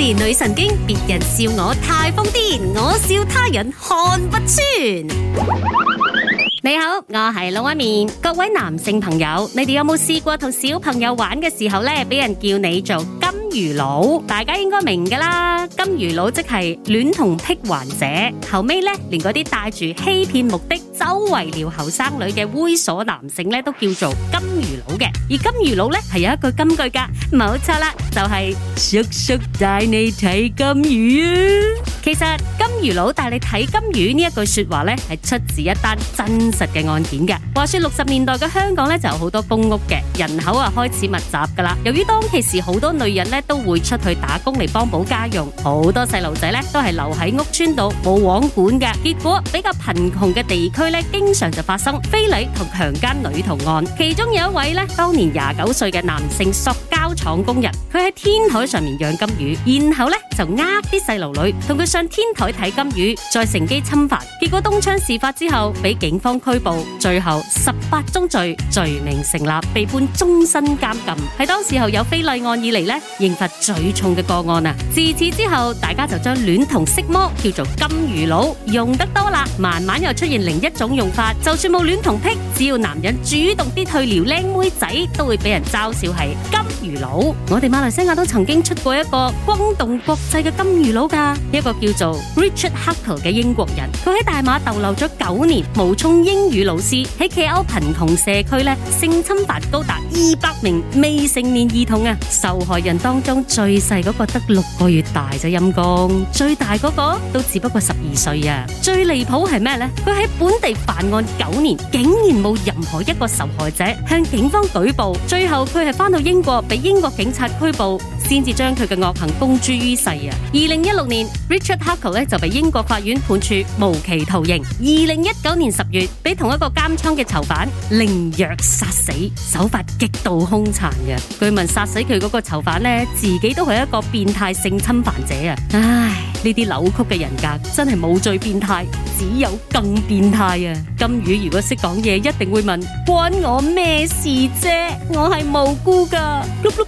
我女神經，別人笑我太瘋癲，我笑他人看不穿。你好，我係老歪面，各位男性朋友，你哋有冇試過同小朋友玩嘅時候呢？俾人叫你做魚佬，大家應該明噶啦。金魚佬即係戀童癖患者，後尾咧連嗰啲帶住欺騙目的周圍撩後生女嘅猥瑣男性咧，都叫做金魚佬嘅。而金魚佬咧係有一個金句噶，冇錯啦，就係、是、叔叔帶你睇金魚啊。其實。魚佬，但你睇金魚呢一句說話呢，係出自一單真實嘅案件嘅。話說六十年代嘅香港呢，就有好多公屋嘅人口啊，開始密集噶啦。由於當其時好多女人呢，都會出去打工嚟幫補家用，好多細路仔呢，都係留喺屋村度冇管嘅。結果比較貧窮嘅地區呢，經常就發生非禮同強姦女童案。其中有一位呢，當年廿九歲嘅男性叔。工廠工人，佢喺天台上面養金魚，然後呢就呃啲細路女同佢上天台睇金魚，再乘機侵犯。結果東窗事發之後，被警方拘捕，最後十八宗罪罪名成立，被判終身監禁，喺當時候有非禮案以嚟，呢刑罰最重嘅個案啊。自此之後，大家就將戀童色魔叫做金魚佬，用得多啦，慢慢又出現另一種用法，就算冇戀童癖，只要男人主動啲去撩靚妹仔，都會俾人嘲笑係金魚佬，我哋馬來西亞都曾經出過一個轟動國際嘅金魚佬噶，一個叫做 Richard Huckle 嘅英國人，佢喺大馬逗留咗九年，冒充英語老師喺 KL 貧窮社區咧性侵犯高達二百名未成年兒童啊！受害人當中最細嗰個得六個月大就陰功，最大嗰個都只不過十二歲啊！最離譜係咩咧？佢喺本地犯案九年，竟然冇任何一個受害者向警方舉報，最後佢係翻到英國，被英國警察拘捕，先至將佢嘅惡行公諸於世啊！二零一六年，Richard Huckle 咧就被英國法院判處無期徒刑。二零一九年十月，俾同一個監倉嘅囚犯凌虐殺死，手法極度凶殘嘅。據聞殺死佢嗰個囚犯咧，自己都係一個變態性侵犯者啊！唉，呢啲扭曲嘅人格真係冇最變態，只有更變態啊！金魚如果識講嘢，一定會問：關我咩事啫？我係無辜噶。